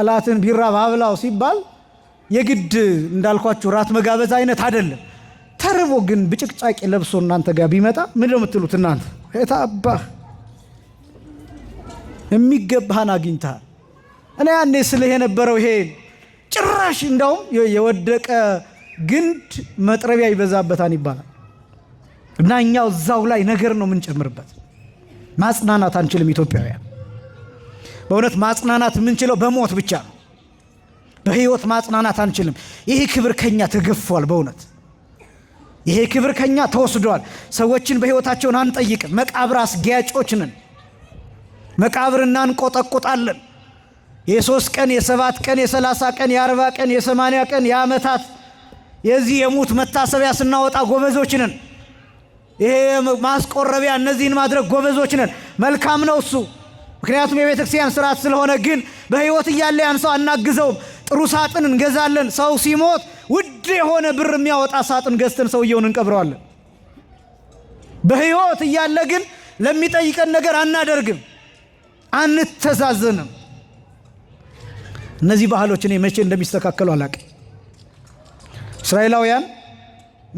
ጠላትን ቢራ ባብላው ሲባል የግድ እንዳልኳችሁ ራት መጋበዝ አይነት አይደለም። ተርቦ ግን ብጭቅጫቂ ለብሶ እናንተ ጋር ቢመጣ ምን ነው የምትሉት እናንተ? አባህ የሚገባህን አግኝተሃል። እኔ ያኔ ስልህ የነበረው ይሄ ጭራሽ እንዳውም የወደቀ ግንድ መጥረቢያ ይበዛበታን ይባላል እና እኛው እዛው ላይ ነገር ነው የምንጨምርበት። ማጽናናት አንችልም ኢትዮጵያውያን በእውነት ማጽናናት የምንችለው በሞት ብቻ ነው። በህይወት ማጽናናት አንችልም። ይሄ ክብር ከኛ ተገፏል። በእውነት ይሄ ክብር ከኛ ተወስዷል። ሰዎችን በህይወታቸውን አንጠይቅም። መቃብር አስጊያጮች ነን። መቃብር እናንቆጠቁጣለን። የሶስት ቀን የሰባት ቀን የሰላሳ ቀን የአርባ ቀን የሰማንያ ቀን የአመታት የዚህ የሙት መታሰቢያ ስናወጣ ጎበዞች ነን። ይሄ ማስቆረቢያ እነዚህን ማድረግ ጎበዞች ነን። መልካም ነው እሱ ምክንያቱም የቤተ ክርስቲያን ስርዓት ስለሆነ። ግን በህይወት እያለ ያን ሰው አናግዘውም። ጥሩ ሳጥን እንገዛለን። ሰው ሲሞት ውድ የሆነ ብር የሚያወጣ ሳጥን ገዝተን ሰውየውን እንቀብረዋለን። በህይወት እያለ ግን ለሚጠይቀን ነገር አናደርግም፣ አንተዛዘንም። እነዚህ ባህሎች እኔ መቼ እንደሚስተካከሉ አላቅም። እስራኤላውያን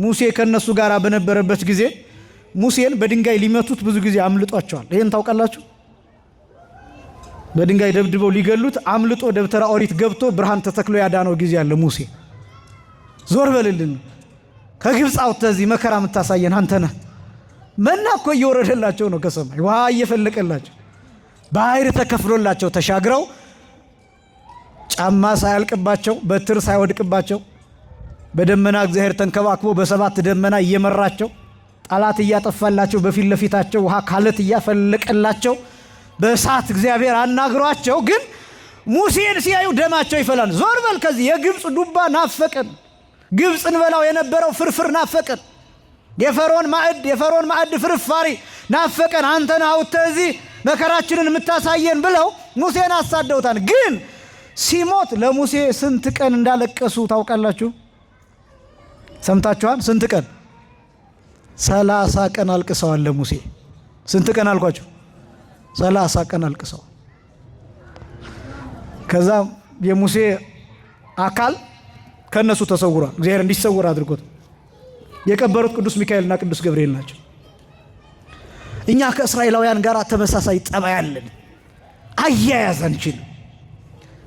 ሙሴ ከእነሱ ጋር በነበረበት ጊዜ ሙሴን በድንጋይ ሊመቱት ብዙ ጊዜ አምልጧቸዋል። ይህን ታውቃላችሁ። በድንጋይ ደብድበው ሊገሉት አምልጦ ደብተራ ኦሪት ገብቶ ብርሃን ተተክሎ ያዳነው ጊዜ አለ። ሙሴ ዞር በልልን ከግብፅ አውጥተህ እዚህ መከራ የምታሳየን አንተ ነህ። መና እኮ እየወረደላቸው ነው ከሰማይ ውሃ እየፈለቀላቸው ባህር ተከፍሎላቸው ተሻግረው ጫማ ሳያልቅባቸው በትር ሳይወድቅባቸው በደመና እግዚአብሔር ተንከባክቦ በሰባት ደመና እየመራቸው ጠላት እያጠፋላቸው በፊት ለፊታቸው ውሃ ካለት እያፈለቀላቸው በእሳት እግዚአብሔር አናግሯቸው። ግን ሙሴን ሲያዩ ደማቸው ይፈላል። ዞር በል ከዚህ የግብፅ ዱባ ናፈቀን፣ ግብፅ እንበላው የነበረው ፍርፍር ናፈቀን፣ የፈርዖን ማዕድ የፈርዖን ማዕድ ፍርፋሪ ናፈቀን፣ አንተን አውተ እዚህ መከራችንን የምታሳየን ብለው ሙሴን አሳደውታል። ግን ሲሞት ለሙሴ ስንት ቀን እንዳለቀሱ ታውቃላችሁ? ሰምታችኋል? ስንት ቀን? ሰላሳ ቀን አልቅሰዋል ለሙሴ። ስንት ቀን አልኳችሁ? ሰላሳ ቀን አልቅሰው ከዛ የሙሴ አካል ከነሱ ተሰውሯል። እግዚአብሔር እንዲሰውር አድርጎት የቀበሩት ቅዱስ ሚካኤልና ቅዱስ ገብርኤል ናቸው። እኛ ከእስራኤላውያን ጋር ተመሳሳይ ጠባይ አለን። አያያዝ አንችልም፣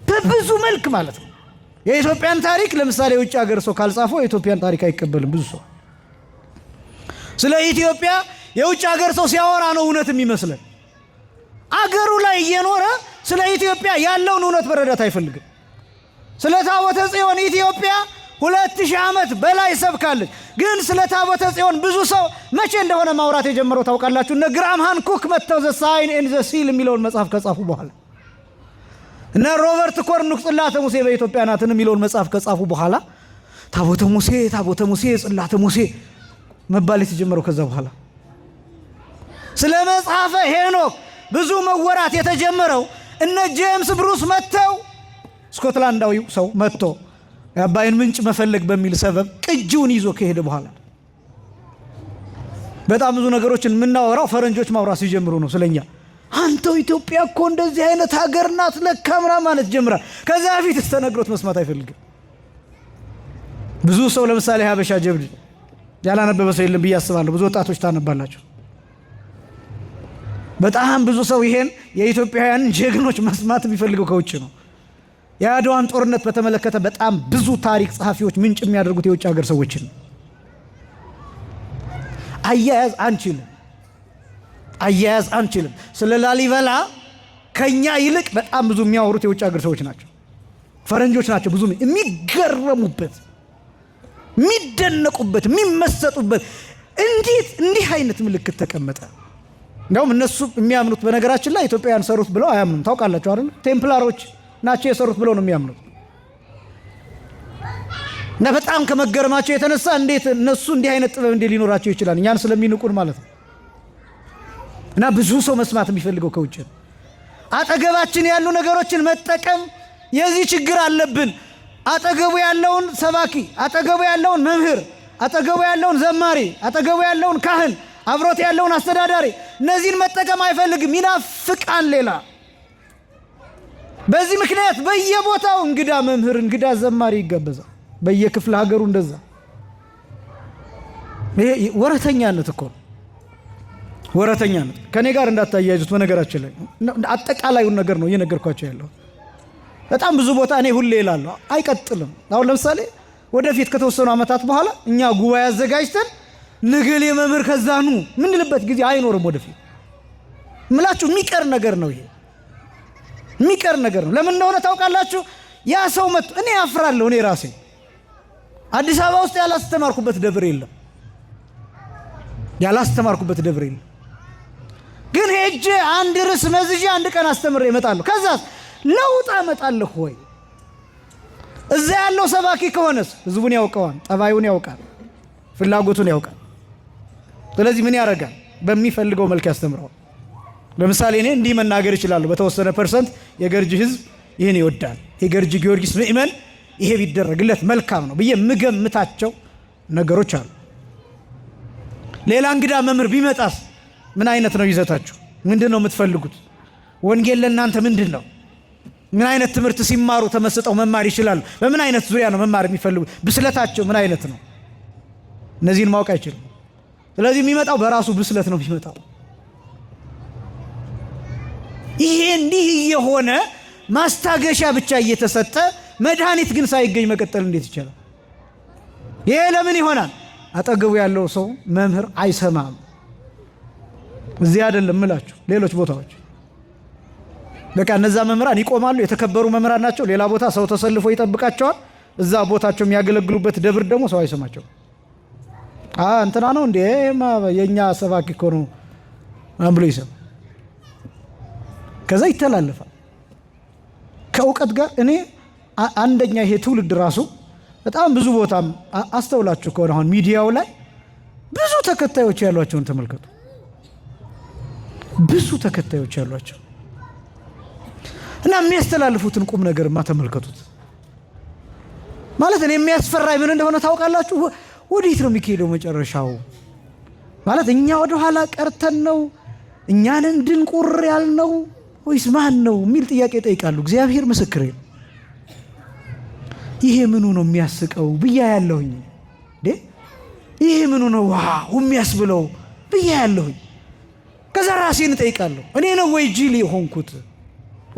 በብዙ መልክ ማለት ነው። የኢትዮጵያን ታሪክ ለምሳሌ የውጭ ሀገር ሰው ካልጻፈው የኢትዮጵያን ታሪክ አይቀበልም። ብዙ ሰው ስለ ኢትዮጵያ የውጭ ሀገር ሰው ሲያወራ ነው እውነት የሚመስለን። አገሩ ላይ እየኖረ ስለ ኢትዮጵያ ያለውን እውነት መረዳት አይፈልግም። ስለ ታቦተ ጽዮን ኢትዮጵያ ሁለት ሺህ ዓመት በላይ ሰብካለች። ግን ስለ ታቦተ ጽዮን ብዙ ሰው መቼ እንደሆነ ማውራት የጀመረው ታውቃላችሁ? እነ ግራም ሃንኮክ መጥተው ዘ ሳይን ኤን ዘ ሲል የሚለውን መጽሐፍ ከጻፉ በኋላ እነ ሮበርት ኮርኑክ ጽላተ ሙሴ በኢትዮጵያ ናትን የሚለውን መጽሐፍ ከጻፉ በኋላ ታቦተ ሙሴ ታቦተ ሙሴ ጽላተ ሙሴ መባል የተጀመረው ከዛ በኋላ ስለ መጽሐፈ ሄኖክ ብዙ መወራት የተጀመረው እነ ጄምስ ብሩስ መጥተው ስኮትላንዳዊው ሰው መጥቶ የአባይን ምንጭ መፈለግ በሚል ሰበብ ቅጂውን ይዞ ከሄደ በኋላ በጣም ብዙ ነገሮችን የምናወራው ፈረንጆች ማውራት ሲጀምሩ ነው ስለኛ አንተው ኢትዮጵያ እኮ እንደዚህ አይነት ሀገር ናት ለካ ማለት ጀምራል። ከዛ በፊት ስተነግሮት መስማት አይፈልግም። ብዙ ሰው ለምሳሌ ሀበሻ ጀብድ ያላነበበ ሰው የለም ብዬ አስባለሁ። ብዙ ወጣቶች ታነባላቸው። በጣም ብዙ ሰው ይሄን የኢትዮጵያውያን ጀግኖች መስማት የሚፈልገው ከውጭ ነው። የአድዋን ጦርነት በተመለከተ በጣም ብዙ ታሪክ ጸሐፊዎች ምንጭ የሚያደርጉት የውጭ ሀገር ሰዎችን ነው። አያያዝ አንችልም፣ አያያዝ አንችልም። ስለ ላሊበላ ከኛ ይልቅ በጣም ብዙ የሚያወሩት የውጭ ሀገር ሰዎች ናቸው። ፈረንጆች ናቸው። ብዙ የሚገረሙበት፣ የሚደነቁበት፣ የሚመሰጡበት እንዴት እንዲህ አይነት ምልክት ተቀመጠ እንደውም እነሱ የሚያምኑት በነገራችን ላይ ኢትዮጵያውያን ሰሩት ብለው አያምኑም። ታውቃላቸው አይደል? ቴምፕላሮች ናቸው የሰሩት ብለው ነው የሚያምኑት። እና በጣም ከመገረማቸው የተነሳ እንዴት እነሱ እንዲህ አይነት ጥበብ እንዴ ሊኖራቸው ይችላል? እኛን ስለሚንቁን ማለት ነው። እና ብዙ ሰው መስማት የሚፈልገው ከውጭ ነው። አጠገባችን ያሉ ነገሮችን መጠቀም የዚህ ችግር አለብን። አጠገቡ ያለውን ሰባኪ፣ አጠገቡ ያለውን መምህር፣ አጠገቡ ያለውን ዘማሪ፣ አጠገቡ ያለውን ካህን አብሮት ያለውን አስተዳዳሪ እነዚህን መጠቀም አይፈልግም፣ ይናፍቃል ሌላ። በዚህ ምክንያት በየቦታው እንግዳ መምህር፣ እንግዳ ዘማሪ ይገበዛል። በየክፍለ ሀገሩ እንደዛ። ወረተኛነት እኮ ወረተኛነት ከእኔ ጋር እንዳታያይዙት። በነገራችን ላይ አጠቃላዩን ነገር ነው እየነገርኳቸው ያለው። በጣም ብዙ ቦታ እኔ ሁሌ እላለሁ አይቀጥልም። አሁን ለምሳሌ ወደፊት ከተወሰኑ ዓመታት በኋላ እኛ ጉባኤ አዘጋጅተን ነገሌ መምህር ከዛኑ ምንልበት ጊዜ አይኖርም። ወደፊት ምላችሁ የሚቀር ነገር ነው። ይሄ የሚቀር ነገር ነው። ለምን እንደሆነ ታውቃላችሁ? ያ ሰው መጥቶ እኔ ያፍራለሁ። እኔ ራሴ አዲስ አበባ ውስጥ ያላስተማርኩበት ደብር የለም፣ ያላስተማርኩበት ደብር የለም። ግን ሄጄ አንድ ርዕስ መዝዤ አንድ ቀን አስተምሬ እመጣለሁ። ከዛ ለውጥ አመጣለሁ ወይ? እዛ ያለው ሰባኪ ከሆነስ ህዝቡን ያውቀዋል፣ ጠባዩን ያውቃል፣ ፍላጎቱን ያውቃል። ስለዚህ ምን ያደርጋል? በሚፈልገው መልክ ያስተምረዋል። ለምሳሌ እኔ እንዲህ መናገር ይችላለሁ። በተወሰነ ፐርሰንት የገርጅ ህዝብ ይህን ይወዳል። የገርጅ ጊዮርጊስ ምእመን ይሄ ቢደረግለት መልካም ነው ብዬ ምገምታቸው ነገሮች አሉ። ሌላ እንግዳ መምህር ቢመጣስ ምን አይነት ነው ይዘታችሁ? ምንድን ነው የምትፈልጉት? ወንጌል ለእናንተ ምንድን ነው? ምን አይነት ትምህርት ሲማሩ ተመስጠው መማር ይችላሉ? በምን አይነት ዙሪያ ነው መማር የሚፈልጉት? ብስለታቸው ምን አይነት ነው? እነዚህን ማወቅ አይችልም። ስለዚህ የሚመጣው በራሱ ብስለት ነው የሚመጣው። ይሄ እንዲህ እየሆነ ማስታገሻ ብቻ እየተሰጠ መድኃኒት ግን ሳይገኝ መቀጠል እንዴት ይቻላል? ይሄ ለምን ይሆናል? አጠገቡ ያለው ሰው መምህር አይሰማም። እዚህ አይደለም ምላችሁ ሌሎች ቦታዎች በቃ እነዛ መምህራን ይቆማሉ። የተከበሩ መምህራን ናቸው። ሌላ ቦታ ሰው ተሰልፎ ይጠብቃቸዋል። እዛ ቦታቸው የሚያገለግሉበት ደብር ደግሞ ሰው አይሰማቸውም። እንትና ነው እንዴ? የእኛ ሰባኪ እኮ ነው ብሎ ይሰብ ከዛ ይተላለፋል ከእውቀት ጋር። እኔ አንደኛ ይሄ ትውልድ ራሱ በጣም ብዙ ቦታም አስተውላችሁ ከሆነ አሁን ሚዲያው ላይ ብዙ ተከታዮች ያሏቸውን ተመልከቱ። ብዙ ተከታዮች ያሏቸው እና የሚያስተላልፉትን ቁም ነገርማ ተመልከቱት። ማለት እኔ የሚያስፈራኝ ምን እንደሆነ ታውቃላችሁ? ወዴት ነው የሚካሄደው መጨረሻው? ማለት እኛ ወደ ኋላ ቀርተን ነው እኛንን ድንቁር ያልነው ወይስ ማን ነው የሚል ጥያቄ ይጠይቃሉ። እግዚአብሔር ምስክሬ ነው። ይሄ ምኑ ነው የሚያስቀው ብያ ያለሁኝ እንዴ? ይሄ ምኑ ነው ዋ የሚያስብለው ብያ ያለሁኝ። ከዛ ራሴን እጠይቃለሁ። እኔ ነው ወይ ጅል የሆንኩት?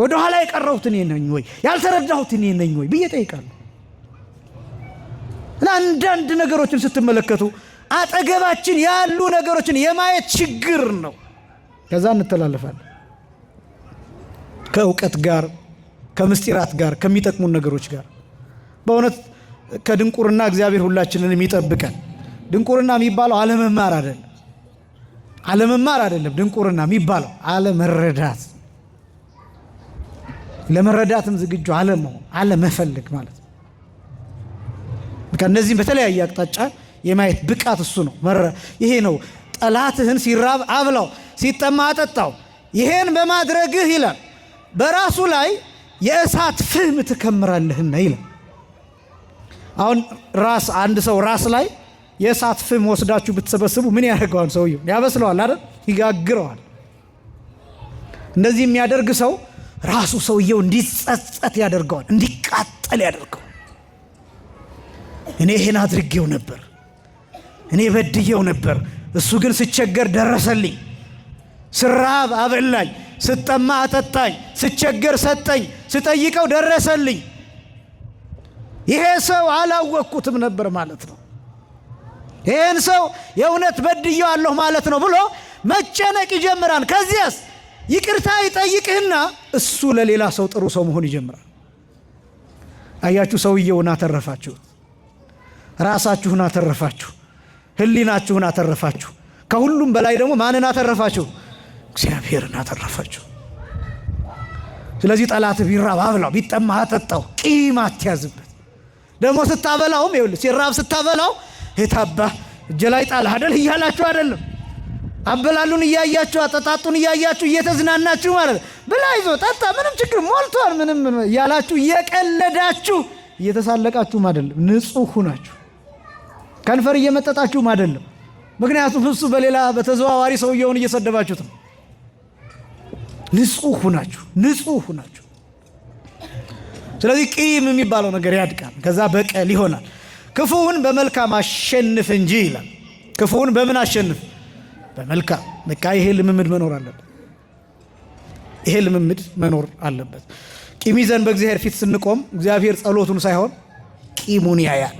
ወደኋላ የቀረሁት እኔ ነኝ ወይ? ያልተረዳሁት እኔ ነኝ ወይ ብዬ እጠይቃለሁ። አንዳንድ ነገሮችን ስትመለከቱ አጠገባችን ያሉ ነገሮችን የማየት ችግር ነው። ከዛ እንተላለፋለን ከእውቀት ጋር ከምስጢራት ጋር ከሚጠቅሙን ነገሮች ጋር በእውነት ከድንቁርና እግዚአብሔር ሁላችንን የሚጠብቀን። ድንቁርና የሚባለው አለመማር አይደለም፣ አለመማር አይደለም። ድንቁርና የሚባለው አለመረዳት፣ ለመረዳትም ዝግጁ አለመሆን፣ አለመፈልግ ማለት ነው። በቃ እነዚህም በተለያየ አቅጣጫ የማየት ብቃት እሱ ነው። መረ ይሄ ነው ጠላትህን ሲራብ አብላው፣ ሲጠማ አጠጣው። ይሄን በማድረግህ ይላል በራሱ ላይ የእሳት ፍህም ትከምራለህና ይላል። አሁን ራስ አንድ ሰው ራስ ላይ የእሳት ፍህም ወስዳችሁ ብትሰበስቡ ምን ያደርገዋል? ሰውየው ያበስለዋል አይደል? ይጋግረዋል። እንደዚህ የሚያደርግ ሰው ራሱ ሰውየው እንዲጸጸት ያደርገዋል፣ እንዲቃጠል ያደርገዋል። እኔ ይሄን አድርጌው ነበር፣ እኔ በድየው ነበር። እሱ ግን ስቸገር ደረሰልኝ፣ ስራብ አበላኝ፣ ስጠማ አጠጣኝ፣ ስቸገር ሰጠኝ፣ ስጠይቀው ደረሰልኝ። ይሄ ሰው አላወቅኩትም ነበር ማለት ነው። ይህን ሰው የእውነት በድየው አለሁ ማለት ነው ብሎ መጨነቅ ይጀምራል። ከዚያስ ይቅርታ ይጠይቅህና እሱ ለሌላ ሰው ጥሩ ሰው መሆን ይጀምራል። አያችሁ፣ ሰውየውን አተረፋችሁት። ራሳችሁን አተረፋችሁ፣ ህሊናችሁን አተረፋችሁ። ከሁሉም በላይ ደግሞ ማንን አተረፋችሁ? እግዚአብሔርን አተረፋችሁ። ስለዚህ ጠላት ቢራብ አብላው፣ ቢጠማ አጠጣው፣ ቂም አትያዝበት። ደግሞ ስታበላውም ይኸውልህ፣ ሲራብ ስታበላው የታባ እጄ ላይ ጣል አደል እያላችሁ አይደለም አበላሉን እያያችሁ አጠጣጡን እያያችሁ እየተዝናናችሁ ማለት ብላ ይዞ ጠጣ፣ ምንም ችግር ሞልቷል፣ ምንም እያላችሁ እየቀለዳችሁ እየተሳለቃችሁም አደለም። ንጹህ ሁናችሁ ከንፈር እየመጠጣችሁም አይደለም። ምክንያቱም እሱ በሌላ በተዘዋዋሪ ሰውየውን እየሰደባችሁት ነው። ንጹህ ሁናችሁ ንጹህ ሁናችሁ። ስለዚህ ቂም የሚባለው ነገር ያድቃል፣ ከዛ በቀል ይሆናል። ክፉውን በመልካም አሸንፍ እንጂ ይላል። ክፉውን በምን አሸንፍ? በመልካም በቃ ይሄ ልምምድ መኖር አለበት። ይሄ ልምምድ መኖር አለበት። ቂም ይዘን በእግዚአብሔር ፊት ስንቆም እግዚአብሔር ጸሎቱን ሳይሆን ቂሙን ያያል።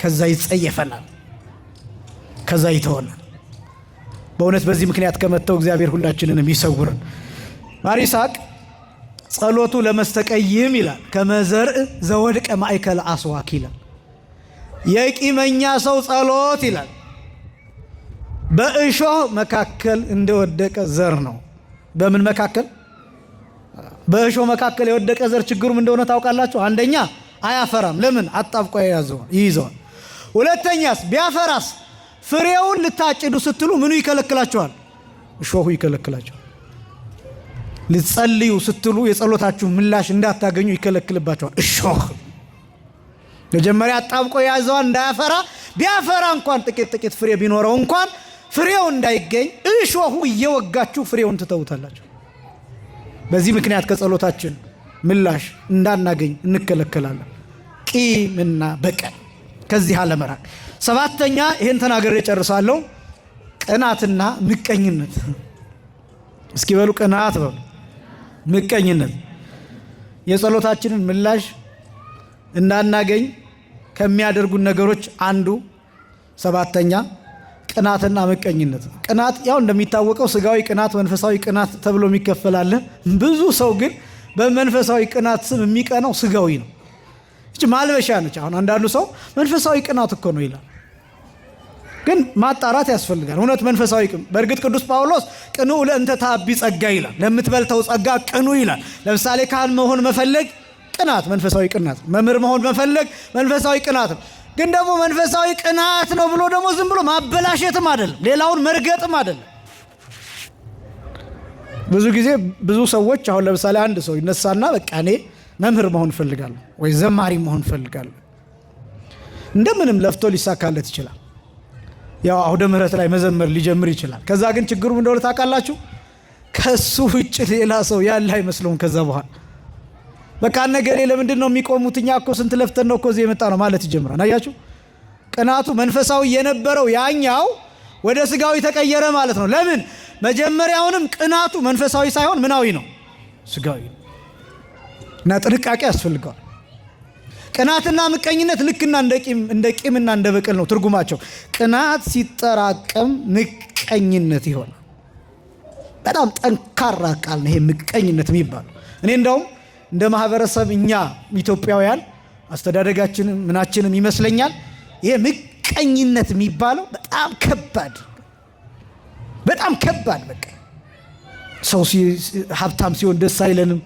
ከዛ ይጸየፈናል። ከዛ ይተወናል። በእውነት በዚህ ምክንያት ከመተው እግዚአብሔር ሁላችንንም ይሰውረን። ማሪሳቅ ጸሎቱ ለመስተቀይም ይላል ከመዘርእ ዘወድቀ ማእከለ አስዋክ ይላል። የቂመኛ ሰው ጸሎት ይላል በእሾህ መካከል እንደወደቀ ዘር ነው። በምን መካከል? በእሾህ መካከል የወደቀ ዘር ችግሩም እንደሆነ ታውቃላችሁ። አንደኛ አያፈራም። ለምን? አጣብቆ የያዘውን ይይዘዋል። ሁለተኛስ ቢያፈራስ ፍሬውን ልታጭዱ ስትሉ ምኑ ይከለክላቸዋል? እሾሁ ይከለክላቸዋል። ልትጸልዩ ስትሉ የጸሎታችሁ ምላሽ እንዳታገኙ ይከለክልባቸዋል እሾህ። መጀመሪያ አጣብቆ የያዘዋን እንዳያፈራ ቢያፈራ እንኳን ጥቂት ጥቂት ፍሬ ቢኖረው እንኳን ፍሬው እንዳይገኝ እሾሁ እየወጋችሁ ፍሬውን ትተውታላችሁ። በዚህ ምክንያት ከጸሎታችን ምላሽ እንዳናገኝ እንከለከላለን። ቂምና በቀል ከዚህ አለመራቅ ሰባተኛ ይህን ተናገሬ ጨርሳለሁ። ቅናትና ምቀኝነት እስኪ በሉ ቅናት በሉ ምቀኝነት የጸሎታችንን ምላሽ እንዳናገኝ ከሚያደርጉን ነገሮች አንዱ ሰባተኛ ቅናትና ምቀኝነት። ቅናት ያው እንደሚታወቀው ስጋዊ ቅናት፣ መንፈሳዊ ቅናት ተብሎ የሚከፈላለ ብዙ ሰው ግን በመንፈሳዊ ቅናት ስም የሚቀናው ስጋዊ ነው። እች ማልበሻ ነች። አሁን አንዳንዱ ሰው መንፈሳዊ ቅናት እኮ ነው ይላል። ግን ማጣራት ያስፈልጋል። እውነት መንፈሳዊ ቅም በእርግጥ ቅዱስ ጳውሎስ ቅኑ ለእንተ ታቢ ጸጋ ይላል፣ ለምትበልተው ጸጋ ቅኑ ይላል። ለምሳሌ ካህን መሆን መፈለግ ቅናት፣ መንፈሳዊ ቅናት፣ መምህር መሆን መፈለግ መንፈሳዊ ቅናት ነው። ግን ደግሞ መንፈሳዊ ቅናት ነው ብሎ ደግሞ ዝም ብሎ ማበላሸትም አይደለም፣ ሌላውን መርገጥም አይደለም። ብዙ ጊዜ ብዙ ሰዎች አሁን ለምሳሌ አንድ ሰው ይነሳና በቃ እኔ መምህር መሆን እፈልጋለሁ ወይ ዘማሪ መሆን እፈልጋለሁ እንደምንም ለፍቶ ሊሳካለት ይችላል። ያው አውደ ምሕረት ላይ መዘመር ሊጀምር ይችላል። ከዛ ግን ችግሩ እንደሆነ ታውቃላችሁ፣ ከሱ ውጭ ሌላ ሰው ያለ አይመስለውም። ከዛ በኋላ በቃ ነገሬ ለምንድን ነው የሚቆሙት? እኛ እኮ ስንት ለፍተን ነው እኮ እዚህ የመጣ ነው ማለት ይጀምራል። አያችሁ፣ ቅናቱ መንፈሳዊ የነበረው ያኛው ወደ ስጋዊ ተቀየረ ማለት ነው። ለምን መጀመሪያውንም ቅናቱ መንፈሳዊ ሳይሆን ምናዊ ነው፣ ስጋዊ ነው እና ጥንቃቄ ያስፈልገዋል። ቅናትና ምቀኝነት ልክና እንደ ቂምና እንደ በቀል ነው ትርጉማቸው። ቅናት ሲጠራቀም ምቀኝነት ይሆን። በጣም ጠንካራ ቃል ነው ይሄ ምቀኝነት የሚባለው። እኔ እንደውም እንደ ማህበረሰብ እኛ ኢትዮጵያውያን አስተዳደጋችንም ምናችንም ይመስለኛል ይሄ ምቀኝነት የሚባለው በጣም ከባድ በጣም ከባድ በቃ ሰው ሀብታም ሲሆን ደስ አይለንም።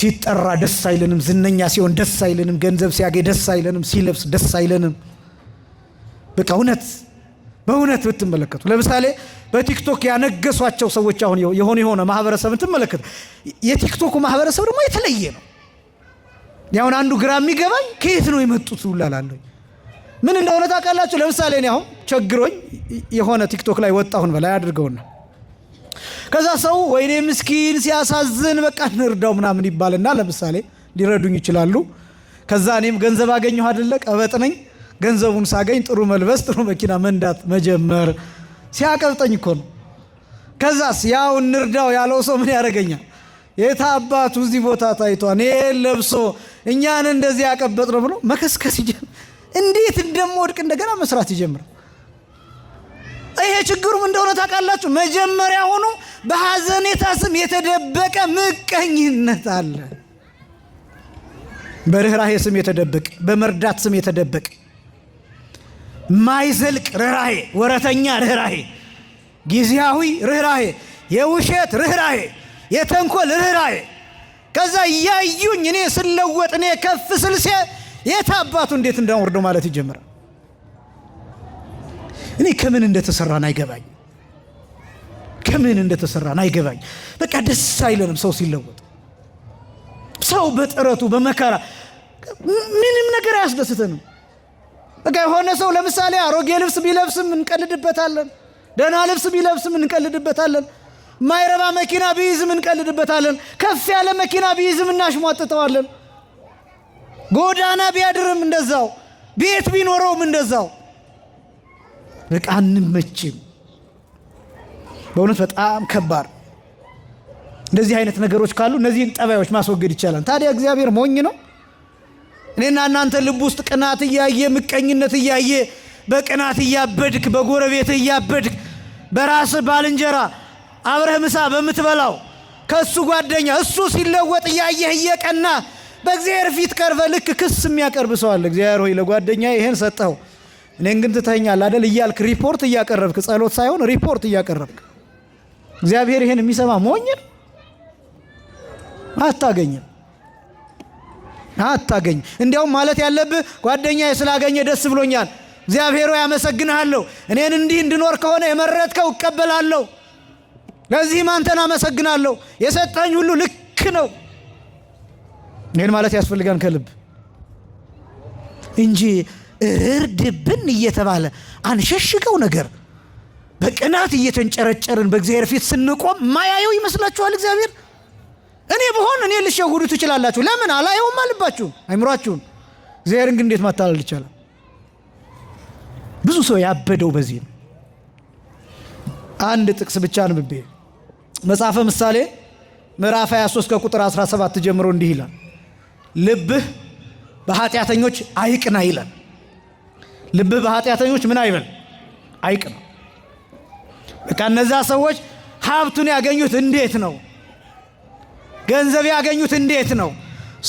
ሲጠራ ደስ አይለንም፣ ዝነኛ ሲሆን ደስ አይለንም፣ ገንዘብ ሲያገኝ ደስ አይለንም፣ ሲለብስ ደስ አይለንም። በቃ እውነት በእውነት ብትመለከቱ ለምሳሌ በቲክቶክ ያነገሷቸው ሰዎች አሁን የሆነ የሆነ ማህበረሰብ ብትመለከቱ የቲክቶኩ ማህበረሰብ ደግሞ የተለየ ነው። ያሁን አንዱ ግራ የሚገባኝ ከየት ነው የመጡት ውላላለሁ ምን እንደሆነ ታውቃላችሁ? ለምሳሌ እኔ አሁን ቸግሮኝ የሆነ ቲክቶክ ላይ ወጣሁን በላይ አድርገውና ከዛ ሰው ወይኔ ምስኪን ሲያሳዝን በቃ እንርዳው ምናምን ይባልና ለምሳሌ ሊረዱኝ ይችላሉ። ከዛ እኔም ገንዘብ አገኘሁ አደለ፣ ቀበጥ ነኝ። ገንዘቡን ሳገኝ ጥሩ መልበስ፣ ጥሩ መኪና መንዳት መጀመር ሲያቀብጠኝ እኮ ነው። ከዛስ ያው እንርዳው ያለው ሰው ምን ያደረገኛል? የታ አባቱ እዚህ ቦታ ታይቷን ይሄን ለብሶ እኛን እንደዚህ ያቀበጥ ነው ብሎ መከስከስ ይጀምር። እንዴት እንደምወድቅ እንደገና መስራት ይጀምራል። ችግሩም እንደሆነ ታውቃላችሁ? መጀመሪያ ሆኖ በሐዘኔታ ስም የተደበቀ ምቀኝነት አለ። በርኅራሄ ስም የተደበቀ በመርዳት ስም የተደበቀ ማይዘልቅ ርኅራሄ፣ ወረተኛ ርኅራሄ፣ ጊዜያዊ ርኅራሄ፣ የውሸት ርኅራሄ፣ የተንኮል ርኅራሄ ከዛ እያዩኝ እኔ ስለወጥ እኔ ከፍ ስልሴ የት አባቱ እንዴት እንዳወርዶ ማለት ይጀምራል። እኔ ከምን እንደተሰራን አይገባኝ፣ ከምን እንደተሰራን አይገባኝ። በቃ ደስ አይለንም ሰው ሲለወጥ፣ ሰው በጥረቱ በመከራ ምንም ነገር አያስደስተንም። በቃ የሆነ ሰው ለምሳሌ አሮጌ ልብስ ቢለብስም እንቀልድበታለን። ደህና ልብስ ቢለብስም እንቀልድበታለን። ማይረባ መኪና ቢይዝም እንቀልድበታለን። ከፍ ያለ መኪና ቢይዝም እናሽሟጥጠዋለን። ጎዳና ቢያድርም እንደዛው፣ ቤት ቢኖረውም እንደዛው በቃ አንመችም። በእውነት በጣም ከባድ። እንደዚህ አይነት ነገሮች ካሉ እነዚህን ጠባዮች ማስወገድ ይቻላል። ታዲያ እግዚአብሔር ሞኝ ነው? እኔና እናንተ ልብ ውስጥ ቅናት እያየ ምቀኝነት እያየ በቅናት እያበድክ በጎረቤት እያበድክ በራስ ባልንጀራ አብረህ ምሳ በምትበላው ከእሱ ጓደኛ እሱ ሲለወጥ እያየህ እየቀና በእግዚአብሔር ፊት ቀርበህ ልክ ክስ የሚያቀርብ ሰዋለ እግዚአብሔር ሆይ ለጓደኛ ይሄን ሰጠኸው እኔን ግን ትተኛል አደል እያልክ ሪፖርት እያቀረብክ ጸሎት ሳይሆን ሪፖርት እያቀረብክ እግዚአብሔር ይሄን የሚሰማ ሞኝ ነው። አታገኝም አታገኝ። እንዲያውም ማለት ያለብህ ጓደኛዬ ስላገኘ ደስ ብሎኛል፣ እግዚአብሔር ሆይ አመሰግንሃለሁ። እኔን እንዲህ እንድኖር ከሆነ የመረጥከው እቀበላለሁ። ለዚህም አንተን አመሰግናለሁ። የሰጠኝ ሁሉ ልክ ነው። ይህን ማለት ያስፈልጋን ከልብ እንጂ እርድብን እየተባለ አንሸሽገው ነገር በቅናት እየተንጨረጨርን በእግዚአብሔር ፊት ስንቆም ማያየው ይመስላችኋል? እግዚአብሔር እኔ በሆን እኔ ልሸውዱ ትችላላችሁ። ለምን አላየውም አልባችሁም፣ አይምሯችሁም። እግዚአብሔርን ግን እንዴት ማታለል ይቻላል? ብዙ ሰው ያበደው በዚህ ነው። አንድ ጥቅስ ብቻ አንብቤ መጽሐፈ ምሳሌ ምዕራፍ 23 ከቁጥር 17 ጀምሮ እንዲህ ይላል፣ ልብህ በኃጢአተኞች አይቅና ይላል ልብህ በኃጢአተኞች ምን አይበል አይቅም። በቃ እነዛ ሰዎች ሀብቱን ያገኙት እንዴት ነው? ገንዘብ ያገኙት እንዴት ነው?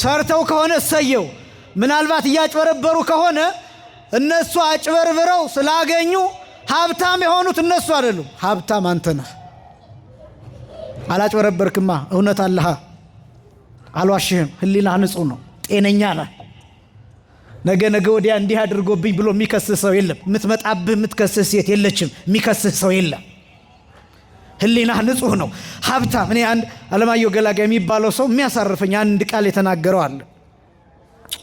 ሰርተው ከሆነ እሰየው። ምናልባት እያጭበረበሩ ከሆነ እነሱ አጭበርብረው ስላገኙ ሀብታም የሆኑት እነሱ አይደሉም። ሀብታም አንተ ነህ። አላጭበረበርክማ። እውነት አለሃ። አልዋሽህም። ህሊና ንጹህ ነው። ጤነኛ ነህ። ነገ ነገ ወዲያ እንዲህ አድርጎብኝ ብሎ የሚከስህ ሰው የለም። የምትመጣብህ የምትከስህ ሴት የለችም። የሚከስህ ሰው የለም። ህሊና ንጹህ ነው። ሀብታም እኔ አንድ አለማየሁ ገላጋይ የሚባለው ሰው የሚያሳርፈኝ አንድ ቃል የተናገረው አለ።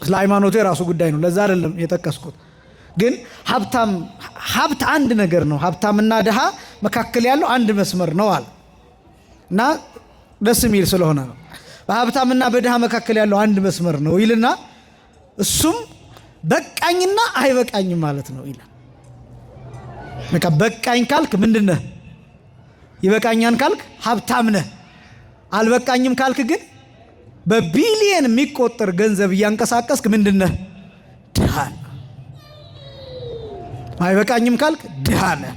ስለ ሃይማኖቱ የራሱ ጉዳይ ነው፣ ለዛ አይደለም የጠቀስኩት። ግን ሀብታም ሀብት አንድ ነገር ነው። ሀብታምና ድሃ መካከል ያለው አንድ መስመር ነው አለ እና ደስ የሚል ስለሆነ ነው። በሀብታምና በድሃ መካከል ያለው አንድ መስመር ነው ይልና እሱም በቃኝና አይበቃኝም ማለት ነው ይላል። በቃ በቃኝ ካልክ ምንድን ነህ? ይበቃኛን ካልክ ሀብታም ነህ። አልበቃኝም ካልክ ግን በቢሊየን የሚቆጠር ገንዘብ እያንቀሳቀስክ ምንድን ነህ? ድሃ ነህ። አይበቃኝም ካልክ ድሃ ነህ።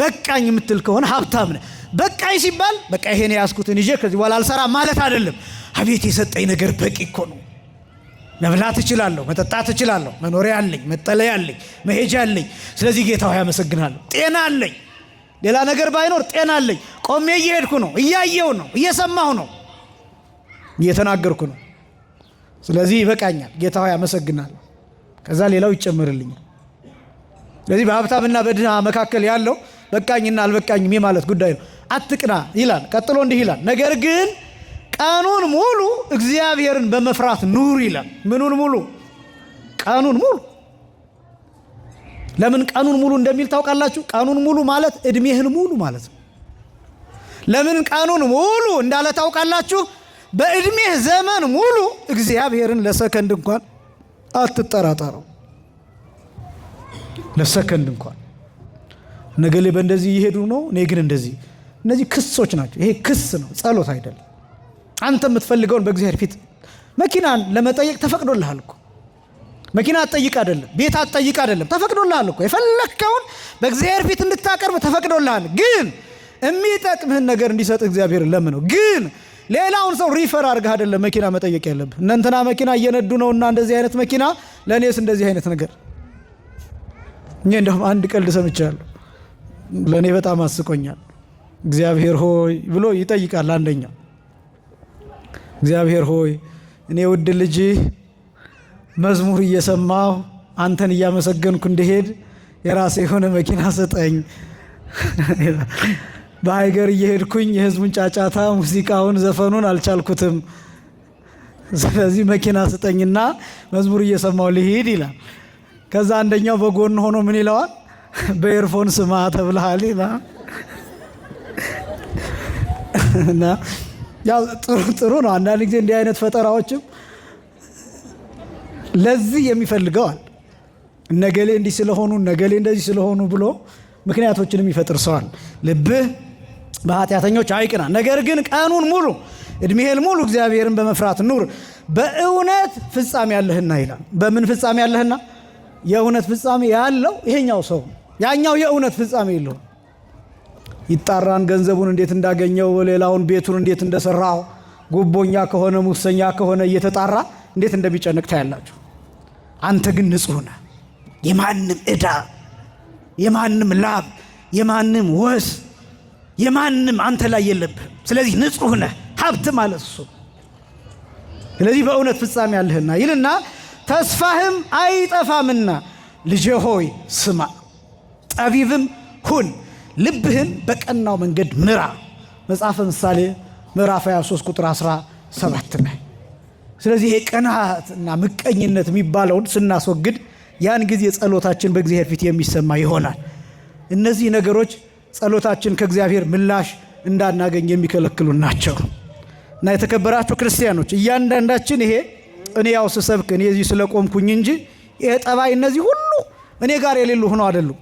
በቃኝ የምትል ከሆነ ሀብታም ነህ። በቃኝ ሲባል በቃ ይሄን የያዝኩትን ይዤ ከዚህ በኋላ አልሰራ ማለት አይደለም። አቤት የሰጠኝ ነገር በቂ እኮ ነው መብላት እችላለሁ፣ መጠጣት እችላለሁ፣ መኖሪያ አለኝ፣ መጠለያ አለኝ፣ መሄጃ አለኝ። ስለዚህ ጌታ ሆይ አመሰግናለሁ። ጤና አለኝ፣ ሌላ ነገር ባይኖር ጤና አለኝ። ቆሜ እየሄድኩ ነው፣ እያየው ነው፣ እየሰማሁ ነው፣ እየተናገርኩ ነው። ስለዚህ ይበቃኛል፣ ጌታ ሆይ አመሰግናለሁ። ከዛ ሌላው ይጨመርልኛል። ስለዚህ በሀብታምና በድና መካከል ያለው በቃኝና አልበቃኝም የማለት ጉዳይ ነው። አትቅና ይላል። ቀጥሎ እንዲህ ይላል፣ ነገር ግን ቀኑን ሙሉ እግዚአብሔርን በመፍራት ኑር ይላል። ምኑን ሙሉ? ቀኑን ሙሉ። ለምን ቀኑን ሙሉ እንደሚል ታውቃላችሁ? ቀኑን ሙሉ ማለት እድሜህን ሙሉ ማለት ነው። ለምን ቀኑን ሙሉ እንዳለ ታውቃላችሁ? በእድሜህ ዘመን ሙሉ እግዚአብሔርን ለሰከንድ እንኳን አትጠራጠረው። ለሰከንድ እንኳን ነገሌ በእንደዚህ እየሄዱ ነው፣ እኔ ግን እንደዚህ። እነዚህ ክሶች ናቸው። ይሄ ክስ ነው፣ ጸሎት አይደለም። አንተ የምትፈልገውን በእግዚአብሔር ፊት መኪናን ለመጠየቅ ተፈቅዶልሃል እኮ። መኪና አትጠይቅ አይደለም፣ ቤት አትጠይቅ አይደለም፣ ተፈቅዶልሃል እኮ። የፈለግከውን በእግዚአብሔር ፊት እንድታቀርብ ተፈቅዶልሃል። ግን የሚጠቅምህን ነገር እንዲሰጥ እግዚአብሔር ለምነው። ግን ሌላውን ሰው ሪፈር አድርገህ አይደለም መኪና መጠየቅ ያለብህ። እነንትና መኪና እየነዱ ነውና እንደዚህ አይነት መኪና ለእኔስ እንደዚህ አይነት ነገር እኛ እንደውም አንድ ቀልድ ሰምቻለሁ፣ ለእኔ በጣም አስቆኛል። እግዚአብሔር ሆይ ብሎ ይጠይቃል አንደኛው እግዚአብሔር ሆይ እኔ ውድ ልጅ መዝሙር እየሰማሁ አንተን እያመሰገንኩ እንደሄድ የራሴ የሆነ መኪና ስጠኝ። በሀይገር እየሄድኩኝ የህዝቡን ጫጫታ፣ ሙዚቃውን፣ ዘፈኑን አልቻልኩትም። ስለዚህ መኪና ስጠኝና መዝሙር እየሰማው ልሂድ ይላል። ከዛ አንደኛው በጎን ሆኖ ምን ይለዋል? በኤርፎን ስማ ተብልሃል እና ያው ጥሩ ነው። አንዳንድ ጊዜ እንዲህ አይነት ፈጠራዎችም ለዚህ የሚፈልገዋል ነገሌ እንዲህ ስለሆኑ ነገሌ እንደዚህ ስለሆኑ ብሎ ምክንያቶችንም ይፈጥር ሰዋል። ልብህ በኃጢአተኞች አይቅና፣ ነገር ግን ቀኑን ሙሉ እድሜህን ሙሉ እግዚአብሔርን በመፍራት ኑር፣ በእውነት ፍጻሜ ያለህና ይላል። በምን ፍጻሜ ያለህና? የእውነት ፍጻሜ ያለው ይሄኛው ሰው፣ ያኛው የእውነት ፍጻሜ የለውም። ይጣራን፣ ገንዘቡን እንዴት እንዳገኘው፣ ሌላውን ቤቱን እንዴት እንደሰራው፣ ጉቦኛ ከሆነ ሙሰኛ ከሆነ እየተጣራ እንዴት እንደሚጨንቅ ታያላችሁ። አንተ ግን ንጹህ ነህ። የማንም ዕዳ፣ የማንም ላብ፣ የማንም ወስ፣ የማንም አንተ ላይ የለብህም። ስለዚህ ንጹህ ነህ። ሀብት ማለት እሱ። ስለዚህ በእውነት ፍጻሜ አለህና ይልና ተስፋህም አይጠፋምና ልጄ ሆይ ስማ፣ ጠቢብም ሁን ልብህን በቀናው መንገድ ምራ። መጽሐፈ ምሳሌ ምዕራፍ 23 ቁጥር 17 ላይ። ስለዚህ የቅናትና ምቀኝነት የሚባለውን ስናስወግድ ያን ጊዜ ጸሎታችን በእግዚአብሔር ፊት የሚሰማ ይሆናል። እነዚህ ነገሮች ጸሎታችን ከእግዚአብሔር ምላሽ እንዳናገኝ የሚከለክሉን ናቸው። እና የተከበራችሁ ክርስቲያኖች እያንዳንዳችን ይሄ እኔ ያው ስሰብክ እኔ እዚህ ስለቆምኩኝ እንጂ ይሄ ጠባይ እነዚህ ሁሉ እኔ ጋር የሌሉ ሆኖ አይደሉም።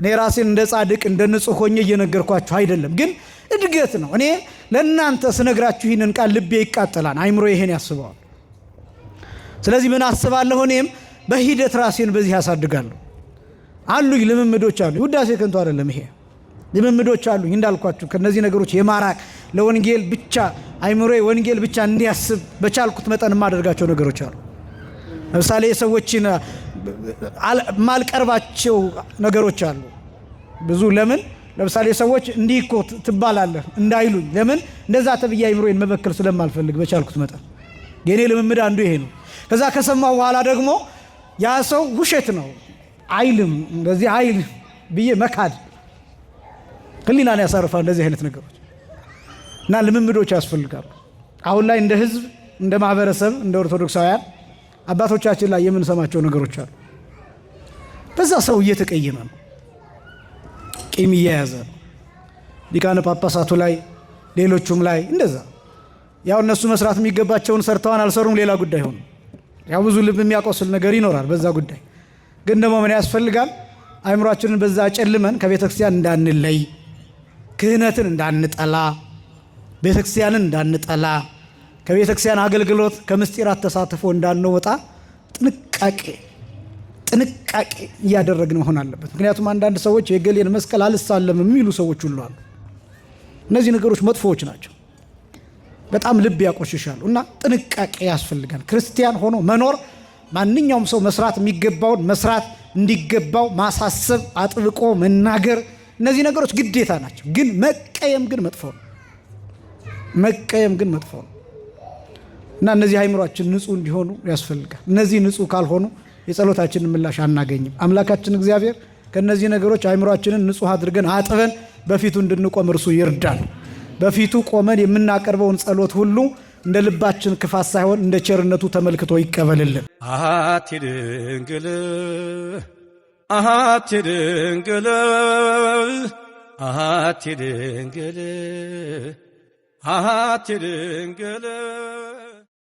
እኔ ራሴን እንደ ጻድቅ እንደ ንጹህ ሆኜ እየነገርኳችሁ አይደለም፣ ግን እድገት ነው። እኔ ለእናንተ ስነግራችሁ ይህንን ቃል ልቤ ይቃጠላል፣ አይምሮ ይሄን ያስበዋል። ስለዚህ ምን አስባለሁ? እኔም በሂደት ራሴን በዚህ ያሳድጋለሁ። አሉኝ፣ ልምምዶች አሉኝ። ውዳሴ ከንቱ አይደለም ይሄ ልምምዶች አሉኝ። እንዳልኳችሁ ከነዚህ ነገሮች የማራቅ ለወንጌል ብቻ አይምሮ ወንጌል ብቻ እንዲያስብ በቻልኩት መጠን የማደርጋቸው ነገሮች አሉ። ለምሳሌ የሰዎችን ማልቀርባቸው ነገሮች አሉ ብዙ። ለምን ለምሳሌ ሰዎች እንዲህ እኮ ትባላለህ እንዳይሉኝ፣ ለምን እንደዛ ተብዬ አይምሮዬን መበከል ስለማልፈልግ በቻልኩት መጠን የኔ ልምምድ አንዱ ይሄ ነው። ከዛ ከሰማሁ በኋላ ደግሞ ያ ሰው ውሸት ነው አይልም እንደዚህ አይል ብዬ መካድ ህሊናን ያሳርፋል። እንደዚህ አይነት ነገሮች እና ልምምዶች ያስፈልጋሉ። አሁን ላይ እንደ ህዝብ፣ እንደ ማህበረሰብ፣ እንደ ኦርቶዶክሳውያን አባቶቻችን ላይ የምንሰማቸው ነገሮች አሉ። በዛ ሰው እየተቀየመ ነው፣ ቂም እየያዘ ነው። ሊቃነ ጳጳሳቱ ላይ ሌሎቹም ላይ እንደዛ። ያው እነሱ መስራት የሚገባቸውን ሰርተዋን አልሰሩም ሌላ ጉዳይ ሆኑ። ያው ብዙ ልብ የሚያቆስል ነገር ይኖራል በዛ ጉዳይ። ግን ደግሞ ምን ያስፈልጋል? አይምሯችንን በዛ ጨልመን ከቤተ ክርስቲያን እንዳንለይ፣ ክህነትን እንዳንጠላ፣ ቤተ ክርስቲያንን እንዳንጠላ ከቤተ ክርስቲያን አገልግሎት ከምስጢራት ተሳትፎ እንዳንወጣ ጥንቃቄ ጥንቃቄ እያደረግን መሆን አለበት። ምክንያቱም አንዳንድ ሰዎች የገሌን መስቀል አልሳለም የሚሉ ሰዎች ሁሉ አሉ። እነዚህ ነገሮች መጥፎዎች ናቸው፣ በጣም ልብ ያቆሽሻሉ እና ጥንቃቄ ያስፈልጋል። ክርስቲያን ሆኖ መኖር ማንኛውም ሰው መስራት የሚገባውን መስራት እንዲገባው ማሳሰብ፣ አጥብቆ መናገር፣ እነዚህ ነገሮች ግዴታ ናቸው። ግን መቀየም ግን መጥፎ ነው። መቀየም ግን መጥፎ ነው። እና እነዚህ አይምሯችን ንጹህ እንዲሆኑ ያስፈልጋል። እነዚህ ንጹህ ካልሆኑ የጸሎታችንን ምላሽ አናገኝም። አምላካችን እግዚአብሔር ከእነዚህ ነገሮች አይምሯችንን ንጹህ አድርገን አጥበን በፊቱ እንድንቆም እርሱ ይርዳል። በፊቱ ቆመን የምናቀርበውን ጸሎት ሁሉ እንደ ልባችን ክፋት ሳይሆን እንደ ቸርነቱ ተመልክቶ ይቀበልልን። አሃቴ ድንግል አሃቴ ድንግል